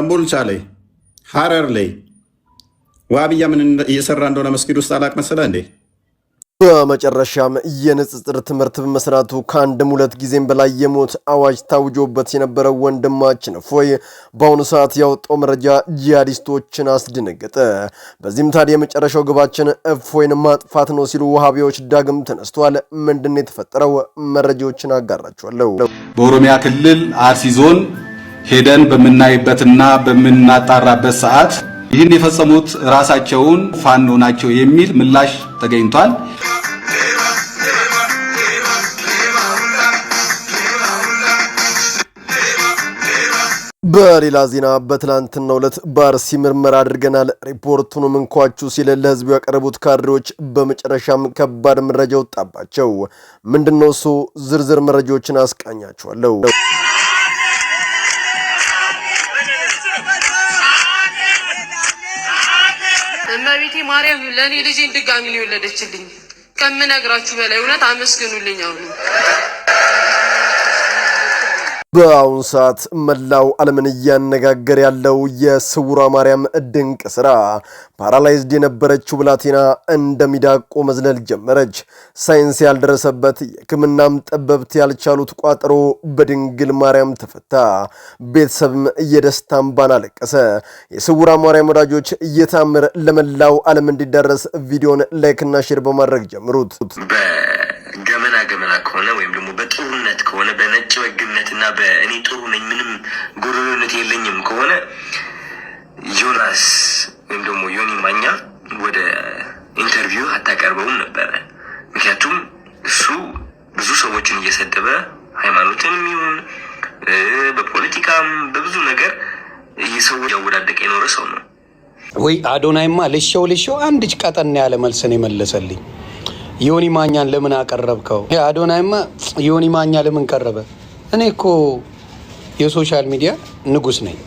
ከምቦልቻ ላይ ሀረር ላይ ዋብያ ምን እየሰራ እንደሆነ መስጊድ ውስጥ አላቅ መሰለ እንዴ? በመጨረሻም የንጽጽር ትምህርት በመስራቱ ከአንድም ሁለት ጊዜም በላይ የሞት አዋጅ ታውጆበት የነበረው ወንድማችን እፎይ በአሁኑ ሰዓት ያወጣው መረጃ ጂሃዲስቶችን አስደነገጠ። በዚህም ታዲያ የመጨረሻው ግባችን እፎይን ማጥፋት ነው ሲሉ ውሃቢዎች ዳግም ተነስተዋል ምንድን ነው የተፈጠረው? መረጃዎችን አጋራችኋለሁ። በኦሮሚያ ክልል አርሲ ዞን ሄደን በምናይበትና በምናጣራበት ሰዓት ይህን የፈጸሙት ራሳቸውን ፋኖ ናቸው የሚል ምላሽ ተገኝቷል። በሌላ ዜና በትናንትና ዕለት በአርሲ ምርመራ አድርገናል ሪፖርቱን ምንኳችሁ ሲል ለህዝቡ ያቀረቡት ካድሬዎች በመጨረሻም ከባድ መረጃ ወጣባቸው። ምንድነው እሱ? ዝርዝር መረጃዎችን አስቃኛችኋለሁ። ማርያም ለእኔ ልጄን ድጋሚ ነው የወለደችልኝ። ከምነግራችሁ በላይ እውነት አመስግኑልኝ አሉ። በአሁኑ ሰዓት መላው ዓለምን እያነጋገር ያለው የስውሯ ማርያም ድንቅ ስራ ፓራላይዝድ የነበረችው ብላቴና እንደ ሚዳቆ መዝለል ጀመረች። ሳይንስ ያልደረሰበት የሕክምናም ጠበብት ያልቻሉት ቋጠሮ በድንግል ማርያም ተፈታ። ቤተሰብም የደስታ እንባን አለቀሰ። የስውሯ ማርያም ወዳጆች እየታምር ለመላው ዓለም እንዲዳረስ ቪዲዮን ላይክና ሼር በማድረግ ጀምሩት። ገመና ገመና ከሆነ ወይም በነጭ እና በእኔ ጥሩ ነኝ ምንም ጉርርነት የለኝም ከሆነ ዮናስ ወይም ደግሞ ዮኒ ማኛ ወደ ኢንተርቪው አታቀርበውም ነበረ። ምክንያቱም እሱ ብዙ ሰዎችን እየሰደበ ሃይማኖትንም ይሁን በፖለቲካም በብዙ ነገር እየሰው ያወዳደቀ የኖረ ሰው ነው። ወይ አዶናይማ ልሸው ልሸው አንድ ቀጠን ያለ መልስን የመለሰልኝ ዮኒ ማኛን ለምን አቀረብከው? አዶናይማ ዮኒ ማኛ ለምን ቀረበ? እኔ እኮ የሶሻል ሚዲያ ንጉስ ነኝ።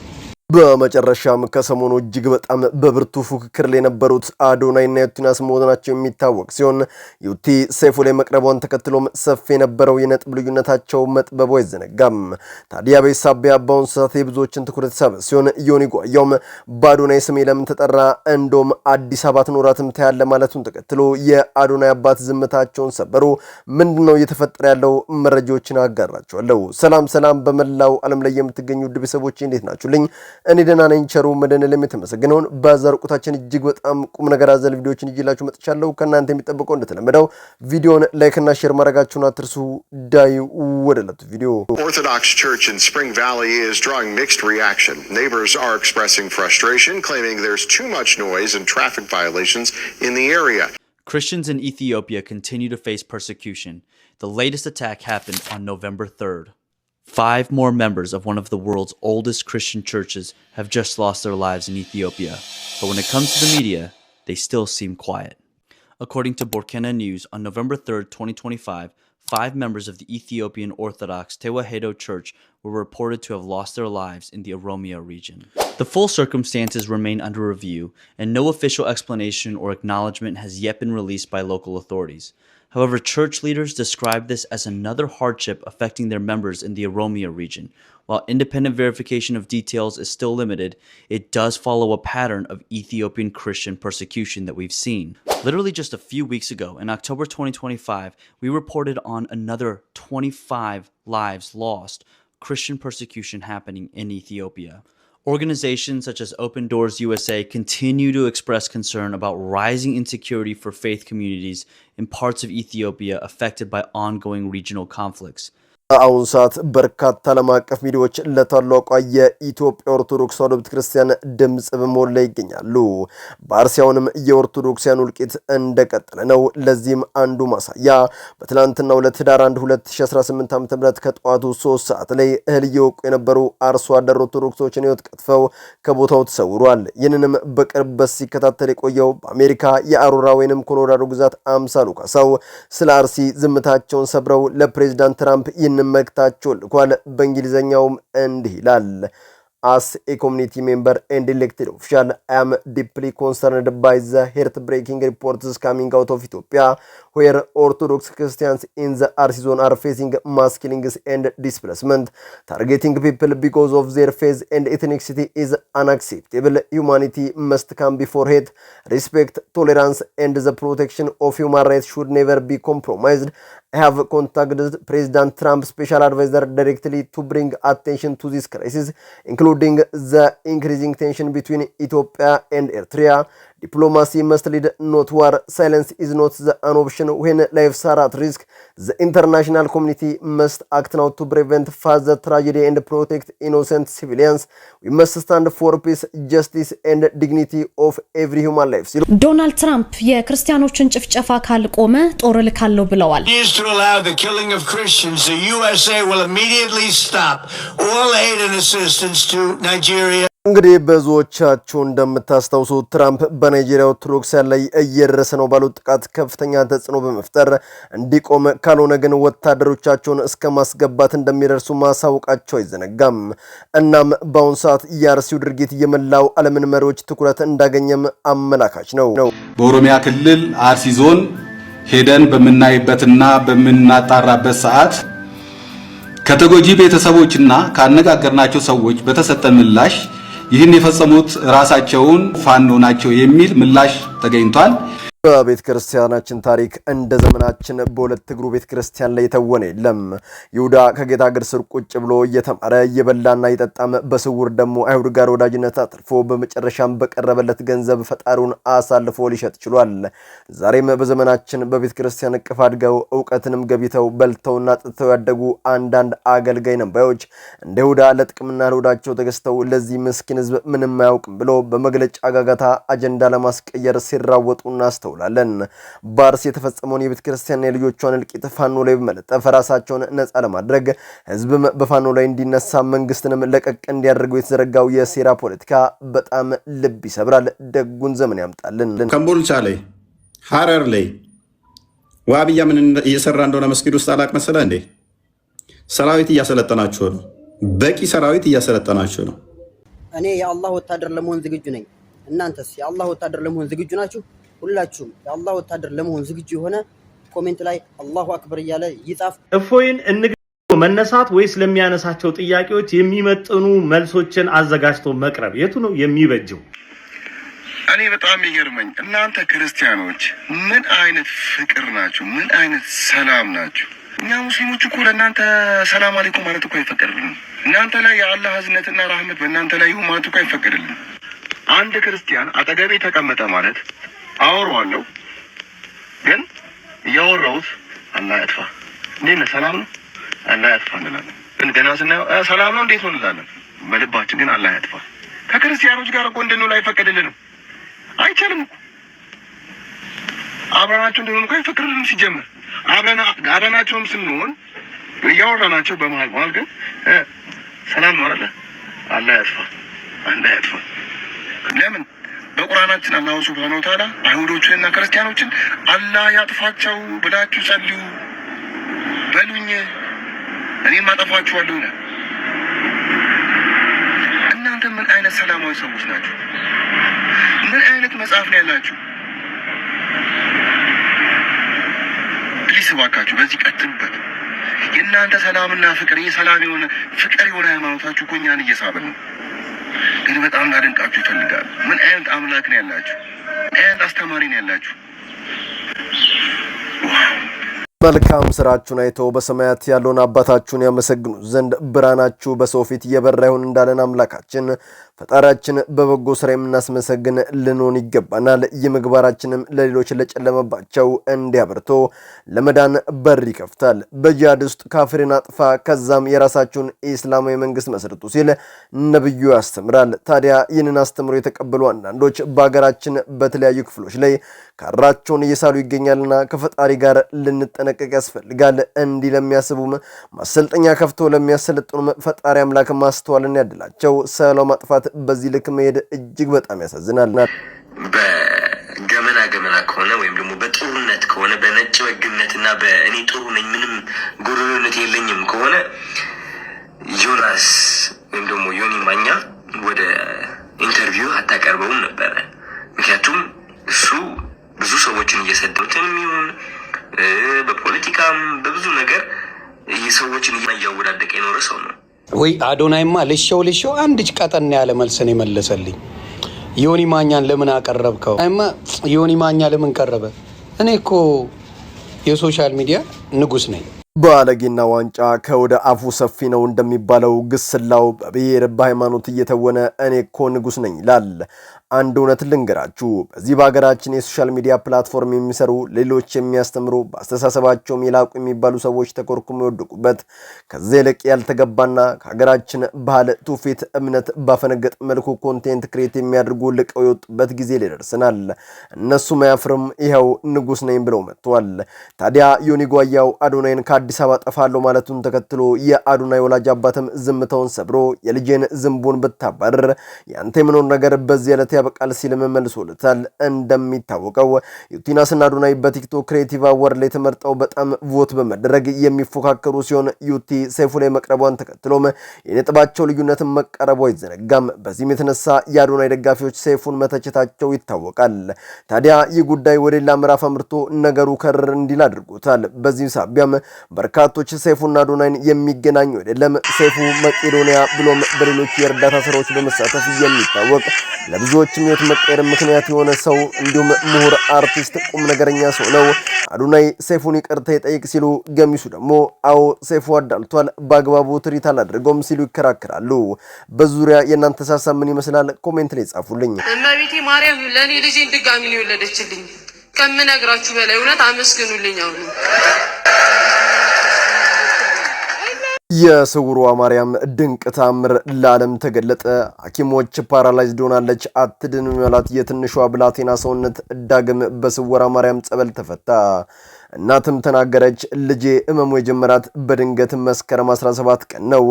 በመጨረሻም ከሰሞኑ እጅግ በጣም በብርቱ ፉክክር ላይ የነበሩት አዶናይና ዩቲን አስሞ መሆናቸው የሚታወቅ ሲሆን ዩቲ ሰይፉ ላይ መቅረቧን ተከትሎም ሰፊ የነበረው የነጥብ ልዩነታቸው መጥበቡ አይዘነጋም። ታዲያ በዚህ ሳቢያ በአሁኑ ሰዓት የብዙዎችን ትኩረት ሳብ ሲሆን ዮኒ ጓያውም በአዶናይ ስሜ ለምን ተጠራ እንዶም አዲስ አባት ኖራትም ታያለ ማለቱን ተከትሎ የአዶናይ አባት ዝምታቸውን ሰበሩ። ምንድን ነው እየተፈጠረ ያለው? መረጃዎችን አጋራቸዋለሁ። ሰላም ሰላም፣ በመላው ዓለም ላይ የምትገኙ ውድ ቤተሰቦች እንዴት ናችሁልኝ? እኔ ደህና ነኝ። ቸሩ መድኃኔዓለም የተመሰገነ ይሁን። በዛሬው ቆይታችን እጅግ በጣም ቁም ነገር አዘል ቪዲዮዎችን ይዤላችሁ መጥቻለሁ። ከእናንተ የሚጠበቀው እንደተለመደው ቪዲዮን ላይክና ሼር ማድረጋችሁን አትርሱ። ዳይ ወደለት ቪዲዮ ኦርቶዶክስ ቸርች ኢን ስፕሪንግ ቫሊ ኢዝ ድራዊንግ ሚክስድ ሪአክሽን ኔይበርስ አር ኤክስፕሬሲንግ ፍራስትሬሽን ክሌሚንግ ዜርስ ቱ ማች ኖይዝ ኤንድ ትራፊክ ቫዮሌሽንስ ኢን ዘ ኤሪያ Christians in Ethiopia continue to face persecution. The latest attack happened on November 3rd. Five more members of one of the world's oldest Christian churches have just lost their lives in Ethiopia, but when it comes to the media, they still seem quiet. According to Burkina News, on November 3, 2025, five members of the Ethiopian Orthodox Tewahedo Church were reported to have lost their lives in the Oromia region. The full circumstances remain under review, and no official explanation or acknowledgement has yet been released by local authorities. However, church leaders describe this as another hardship affecting their members in the Oromia region. While independent verification of details is still limited, it does follow a pattern of Ethiopian Christian persecution that we've seen. Literally just a few weeks ago, in October 2025, we reported on another 25 lives lost, Christian persecution happening in Ethiopia. Organizations such as Open Doors USA continue to express concern about rising insecurity for faith communities in parts of Ethiopia affected by ongoing regional conflicts. አሁን ሰዓት በርካታ ዓለም አቀፍ ሚዲያዎች ለታላቋ የኢትዮጵያ ኦርቶዶክስ ተዋሕዶ ቤተክርስቲያን ድምፅ በመሆን ላይ ይገኛሉ። በአርሲ አሁንም የኦርቶዶክሲያን ውልቂት እንደቀጠለ ነው። ለዚህም አንዱ ማሳያ በትላንትና ሁለት ህዳር 1 2018 ዓ.ም ከጠዋቱ 3 ሰዓት ላይ እህል እየወቁ የነበሩ አርሶ አደር ኦርቶዶክሶችን ህይወት ቀጥፈው ከቦታው ተሰውሯል። ይህንንም በቅርበት ሲከታተል የቆየው በአሜሪካ የአሮራ ወይንም ኮሎራዶ ግዛት አምሳሉ ካሳው ስለ አርሲ ዝምታቸውን ሰብረው ለፕሬዚዳንት ትራምፕ ይህን መልእክታቸው ልኳል። በእንግሊዝኛውም እንዲህ ይላል አስ ኤ ኮሚኒቲ ሜምበር ኤንድ ኤሌክትድ ኦፊሻል አይ አም ዲፕሊ ኮንሰርንድ ባይ ዘ ሄርት ብሬኪንግ ሪፖርትስ ካሚንግ አውት ኦፍ ኢትዮጵያ ዌር ኦርቶዶክስ ክርስቲያንስ ኢን ዘ አርሲ ዞን አር ፌሲንግ ማስ ኤንድ ዲስፕሌስመንት ታርጌቲንግ ፒፕል ቢኮዝ ኦፍ ዜር ፌዝ ኤንድ ኤትኒክሲቲ ኢዝ አንአክሴፕቴብል ሁማኒቲ መስት ካም ቢፎር ሄት ሪስፔክት ቶሌራንስ ኤንድ ዘ ፕሮቴክሽን ኦፍ ሁማን ራይትስ ሹድ ኔቨር ቢ ኮምፕሮማይዝድ have contacted President Trump's special advisor directly to bring attention to this crisis, including the increasing tension between Ethiopia and Eritrea, ዲፕሎማሲ መስት ሊድ ኖት ዋር ሳይለንስ ኢዝ ኖት ዘ አን ኦፕሽን ዌን ላይፍስ አር ሪስክ ዘ ኢንተርናሽናል ኮሚኒቲ መስት አክት ናው ቱ ፕሪቨንት ፋዘ ትራጀዲ ኤንድ ፕሮቴክት ኢኖሰንት ሲቪሊያንስ ዊ መስት ስታንድ ፎር ፒስ ጀስቲስ ኤንድ ዲግኒቲ ኦፍ ኤቭሪ ሂውማን ላይፍ ሲሉ ዶናልድ ትራምፕ የክርስቲያኖችን ጭፍጨፋ ካልቆመ ጦር ልካለው ብለዋል። እንግዲህ ብዙዎቻችሁ እንደምታስታውሱት ትራምፕ በናይጄሪያ ኦርቶዶክስ ላይ እየደረሰ ነው ባሉት ጥቃት ከፍተኛ ተጽዕኖ በመፍጠር እንዲቆም ካልሆነ ግን ወታደሮቻቸውን እስከ ማስገባት እንደሚደርሱ ማሳወቃቸው አይዘነጋም። እናም በአሁኑ ሰዓት የአርሲው ድርጊት የመላው ዓለምን መሪዎች ትኩረት እንዳገኘም አመላካች ነው። በኦሮሚያ ክልል አርሲ ዞን ሄደን በምናይበትና በምናጣራበት ሰዓት ከተጎጂ ቤተሰቦችና ካነጋገርናቸው ሰዎች በተሰጠ ምላሽ ይህን የፈጸሙት ራሳቸውን ፋኖ ናቸው የሚል ምላሽ ተገኝቷል። በቤተ ክርስቲያናችን ታሪክ እንደ ዘመናችን በሁለት እግሩ ቤተ ክርስቲያን ላይ የተወነ የለም። ይሁዳ ከጌታ እግር ስር ቁጭ ብሎ እየተማረ እየበላና እየጠጣም በስውር ደግሞ አይሁድ ጋር ወዳጅነት አጥርፎ በመጨረሻም በቀረበለት ገንዘብ ፈጣሪውን አሳልፎ ሊሸጥ ችሏል። ዛሬም በዘመናችን በቤተ ክርስቲያን እቅፍ አድገው እውቀትንም ገቢተው በልተውና ጥጥተው ያደጉ አንዳንድ አገልጋይ ነንባዮች እንደ ይሁዳ ለጥቅምና ለሆዳቸው ተገዝተው ለዚህ ምስኪን ሕዝብ ምንም አያውቅም ብሎ በመግለጫ ጋጋታ አጀንዳ ለማስቀየር ሲራወጡና አስተው እናስተውላለን። ባርስ የተፈጸመውን የቤተ ክርስቲያንና የልጆቿን እልቂት ፋኖ ላይ በመለጠፍ ራሳቸውን ነጻ ለማድረግ ህዝብም በፋኖ ላይ እንዲነሳ መንግስትንም ለቀቅ እንዲያደርገው የተዘረጋው የሴራ ፖለቲካ በጣም ልብ ይሰብራል። ደጉን ዘመን ያምጣልን። ከምቦልቻ ላይ ሀረር ላይ ዋብያ ምን እየሰራ እንደሆነ መስጊድ ውስጥ አላቅ መሰለ እንዴ? ሰራዊት እያሰለጠናችሁ ነው። በቂ ሰራዊት እያሰለጠናችሁ ነው። እኔ የአላህ ወታደር ለመሆን ዝግጁ ነኝ። እናንተስ የአላህ ወታደር ለመሆን ዝግጁ ናችሁ? ሁላችሁም የአላህ ወታደር ለመሆን ዝግጁ የሆነ ኮሜንት ላይ አላሁ አክበር እያለ ይጻፍ። እፎይን እንግ መነሳት ወይስ ለሚያነሳቸው ጥያቄዎች የሚመጥኑ መልሶችን አዘጋጅቶ መቅረብ የቱ ነው የሚበጀው? እኔ በጣም ይገርመኝ እናንተ ክርስቲያኖች ምን አይነት ፍቅር ናችሁ? ምን አይነት ሰላም ናችሁ? እኛ ሙስሊሞች እኮ ለእናንተ ሰላም አለይኩም ማለት እኮ አይፈቀድልንም። እናንተ ላይ የአላህ ህዝነትና ራህመት በእናንተ ላይ ይሁን ማለት እኮ አይፈቀድልንም። አንድ ክርስቲያን አጠገቤ ተቀመጠ ማለት አወራዋለሁ፣ ግን እያወራሁት አናያጥፋ እንዴት ነህ ሰላም ነው አናያጥፋ እንላለን። ግን ገና ስናየው ሰላም ነው እንዴት ነው እንላለን። በልባችን ግን አናያጥፋ። ከክርስቲያኖች ጋር እኮ እንድንውል አይፈቀድልንም፣ አይቻልም እኮ አብረናቸው እንደሆነ እኮ አይፈቅድልንም። ሲጀምር አብረናቸውም ስንሆን እያወራናቸው በመሀል መሀል ግን ሰላም ነው አለ አናያጥፋ፣ አናያጥፋ ለምን በቁርአናችን አላሁ ሱብሃነሁ ወተዓላ አይሁዶችንና ክርስቲያኖችን አላህ ያጥፋቸው ብላችሁ ጸልዩ በሉኝ፣ እኔም አጠፋችኋለሁ ይላል። እናንተ ምን አይነት ሰላማዊ ሰዎች ናቸው? ምን አይነት መጽሐፍ ነው ያላችሁ? ፕሊስ እባካችሁ በዚህ ቀጥሉበት። የእናንተ ሰላምና ፍቅር ይህ ሰላም የሆነ ፍቅር የሆነ ሃይማኖታችሁ እኮ እኛን ነው። ግን በጣም ላደንቃችሁ ይፈልጋል። ምን አይነት አምላክ ነው ያላችሁ? ምን አይነት አስተማሪ ነው ያላችሁ? መልካም ስራችሁን አይተው በሰማያት ያለውን አባታችሁን ያመሰግኑ ዘንድ ብርሃናችሁ በሰው ፊት እየበራ ይሁን እንዳለን አምላካችን ፈጣሪያችን በበጎ ስራ የምናስመሰግን ልንሆን ይገባናል። የምግባራችንም ለሌሎች ለጨለመባቸው እንዲያበርቶ ለመዳን በር ይከፍታል። በጂሃድ ውስጥ ካፍሬን አጥፋ፣ ከዛም የራሳችሁን የእስላማዊ መንግስት መስርቱ ሲል ነብዩ ያስተምራል። ታዲያ ይህንን አስተምሮ የተቀበሉ አንዳንዶች በሀገራችን በተለያዩ ክፍሎች ላይ ካራቸውን እየሳሉ ይገኛልና ከፈጣሪ ጋር ልንጠነቀቅ ያስፈልጋል። እንዲህ ለሚያስቡም ማሰልጠኛ ከፍቶ ለሚያሰለጥኑም ፈጣሪ አምላክ ማስተዋልን ያድላቸው። ሰላም ማጥፋት ሰዓት በዚህ ልክ መሄድ እጅግ በጣም ያሳዝናል። በገመና ገመና ከሆነ ወይም ደግሞ በጥሩነት ከሆነ በነጭ ወግነትና በእኔ ጥሩ ነኝ ምንም ጉርርነት የለኝም ከሆነ ዮናስ ወይም ደግሞ ዮኒ ማኛ ወደ ኢንተርቪው አታቀርበውም ነበረ። ምክንያቱም እሱ ብዙ ሰዎችን እየሰደቡትን የሚሆን በፖለቲካም በብዙ ነገር ሰዎችን እያወዳደቀ የኖረ ሰው ነው። ወይ አዶናይማ ልሸው ልሸው አንድ ቀጠና ያለ መልስን የመለሰልኝ። ዮኒ ማኛን ለምን አቀረብከው? አይማ ዮኒ ማኛ ለምን ቀረበ? እኔ እኮ የሶሻል ሚዲያ ንጉስ ነኝ። ባለጌና ዋንጫ ከወደ አፉ ሰፊ ነው እንደሚባለው ግስላው በብሔር በሃይማኖት እየተወነ እኔ እኮ ንጉስ ነኝ ይላል። አንድ እውነት ልንገራችሁ። በዚህ በሀገራችን የሶሻል ሚዲያ ፕላትፎርም የሚሰሩ ሌሎች የሚያስተምሩ በአስተሳሰባቸውም የላቁ የሚባሉ ሰዎች ተኮርኩም የወደቁበት ከዚህ ይልቅ ያልተገባና ከሀገራችን ባህል፣ ትውፊት፣ እምነት ባፈነገጥ መልኩ ኮንቴንት ክሬት የሚያደርጉ ልቀው የወጡበት ጊዜ ሊደርስናል። ደርሰናል። እነሱ ማያፍርም ይኸው ንጉስ ነኝ ብለው መጥተዋል። ታዲያ ዮኒ ጓያው አዶናይን ከአዲስ አበባ ጠፋለሁ ማለቱን ተከትሎ የአዶናይ ወላጅ አባትም ዝምታውን ሰብሮ የልጄን ዝንቡን ብታባርር ያንተ የምኖር ነገር በዚህ ዕለት ያበቃል ሲልም መልሶለታል። እንደሚታወቀው ዩቲናስና አዶናይ በቲክቶክ ክሬቲቭ አወርድ ላይ ተመርጠው በጣም ቮት በመደረግ የሚፎካከሩ ሲሆን ዩቲ ሰይፉ ላይ መቅረቧን ተከትሎም የነጥባቸው ልዩነትን መቀረቡ አይዘነጋም። በዚህም የተነሳ የአዶናይ ደጋፊዎች ሰይፉን መተቸታቸው ይታወቃል። ታዲያ ይህ ጉዳይ ወደ ሌላ ምዕራፍ አምርቶ ነገሩ ከር እንዲል አድርጎታል። በዚህ ሳቢያም በርካቶች ሰይፉና አዶናይን የሚገናኙ አይደለም ሰይፉ መቄዶንያ ብሎም በሌሎች የእርዳታ ስራዎች በመሳተፍ የሚታወቅ ለብዙዎች የብዙዎችም ሕይወት መቀየር ምክንያት የሆነ ሰው እንዲሁም ምሁር፣ አርቲስት፣ ቁም ነገረኛ ሰው ነው። አዱናይ ሰይፉን ይቅርታ ይጠይቅ ሲሉ ገሚሱ ደግሞ አዎ ሰይፉ አዳልቷል፣ በአግባቡ ትሪት አላደርገውም ሲሉ ይከራከራሉ። በዙሪያ የእናንተ ሳሳብ ምን ይመስላል? ኮሜንት ላይ ጻፉልኝ። እመቤቴ ማርያም ለእኔ ልጄን ድጋሚ ነው የወለደችልኝ። ከምነግራችሁ በላይ እውነት አመስግኑልኝ አሁኑ የስውሯ ማርያም ድንቅ ታምር ለዓለም ተገለጠ። ሐኪሞች ፓራላይዝ ሆናለች አትድንም ያሏት የትንሿ ብላቴና ሰውነት ዳግም በስውሯ ማርያም ጸበል ተፈታ። እናትም ተናገረች። ልጄ እመሙ የጀመራት በድንገት መስከረም 17 ቀን ነው።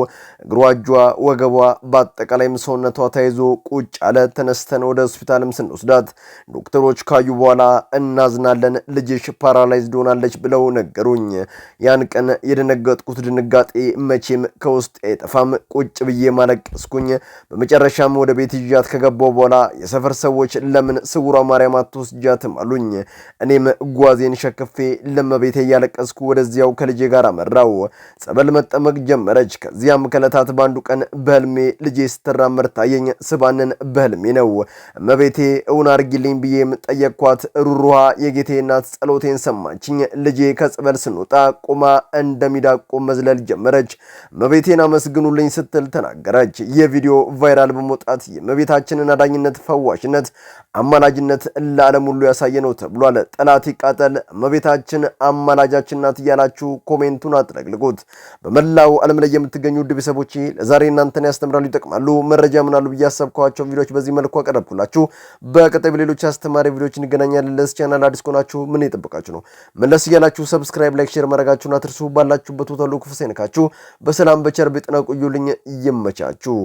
እግሯ፣ እጇ፣ ወገቧ በአጠቃላይም ሰውነቷ ተይዞ ቁጭ አለ። ተነስተን ወደ ሆስፒታልም ስንወስዳት ዶክተሮች ካዩ በኋላ እናዝናለን፣ ልጅሽ ፓራላይዝድ ሆናለች ብለው ነገሩኝ። ያን ቀን የደነገጥኩት ድንጋጤ መቼም ከውስጥ አይጠፋም። ቁጭ ብዬ ማለቀስኩኝ። በመጨረሻም ወደ ቤት ይዣት ከገባው በኋላ የሰፈር ሰዎች ለምን ስውሯ ማርያም አትወስጃትም አሉኝ። እኔም ጓዜን ሸክፌ ለመቤቴ እያለቀስኩ ወደዚያው ከልጄ ጋር አመራው። ጸበል መጠመቅ ጀመረች። ከዚያም ከለታት በአንዱ ቀን በህልሜ ልጄ ስትራመድ ታየኝ። ስባንን በህልሜ ነው። እመቤቴ እውን አርጊልኝ ብዬም ጠየቅኳት። ሩሩሃ የጌቴ እናት ጸሎቴን ሰማችኝ። ልጄ ከጸበል ስንወጣ ቆማ እንደሚዳቆም መዝለል ጀመረች። እመቤቴን አመስግኑልኝ ስትል ተናገረች። የቪዲዮ ቫይራል በመውጣት የእመቤታችንን አዳኝነት፣ ፈዋሽነት፣ አማላጅነት ለዓለም ሁሉ ያሳየ ነው ተብሏል። ጠላት ይቃጠል እመቤታችን ቻናላችን አማላጃችን ናት እያላችሁ ኮሜንቱን አጥለቅልቁት። በመላው ዓለም ላይ የምትገኙ ውድ ቤተሰቦቼ ለዛሬ እናንተን ያስተምራሉ፣ ይጠቅማሉ፣ መረጃ ምናሉ ብዬ ያሰብኳቸውን ቪዲዮዎች በዚህ መልኩ አቀረብኩላችሁ። በቀጣይ በሌሎች አስተማሪ ቪዲዮዎች እንገናኛለን። ለዚህ ቻናል አዲስ ከሆናችሁ ምን የጠበቃችሁ ነው? መለስ እያላችሁ ሰብስክራይብ፣ ላይክ፣ ሼር ማድረጋችሁን አትርሱ። ባላችሁበት ቦታ ሁሉ ክፉ ሳይነካችሁ በሰላም በቸር በጤና ቆዩልኝ። ይመቻችሁ።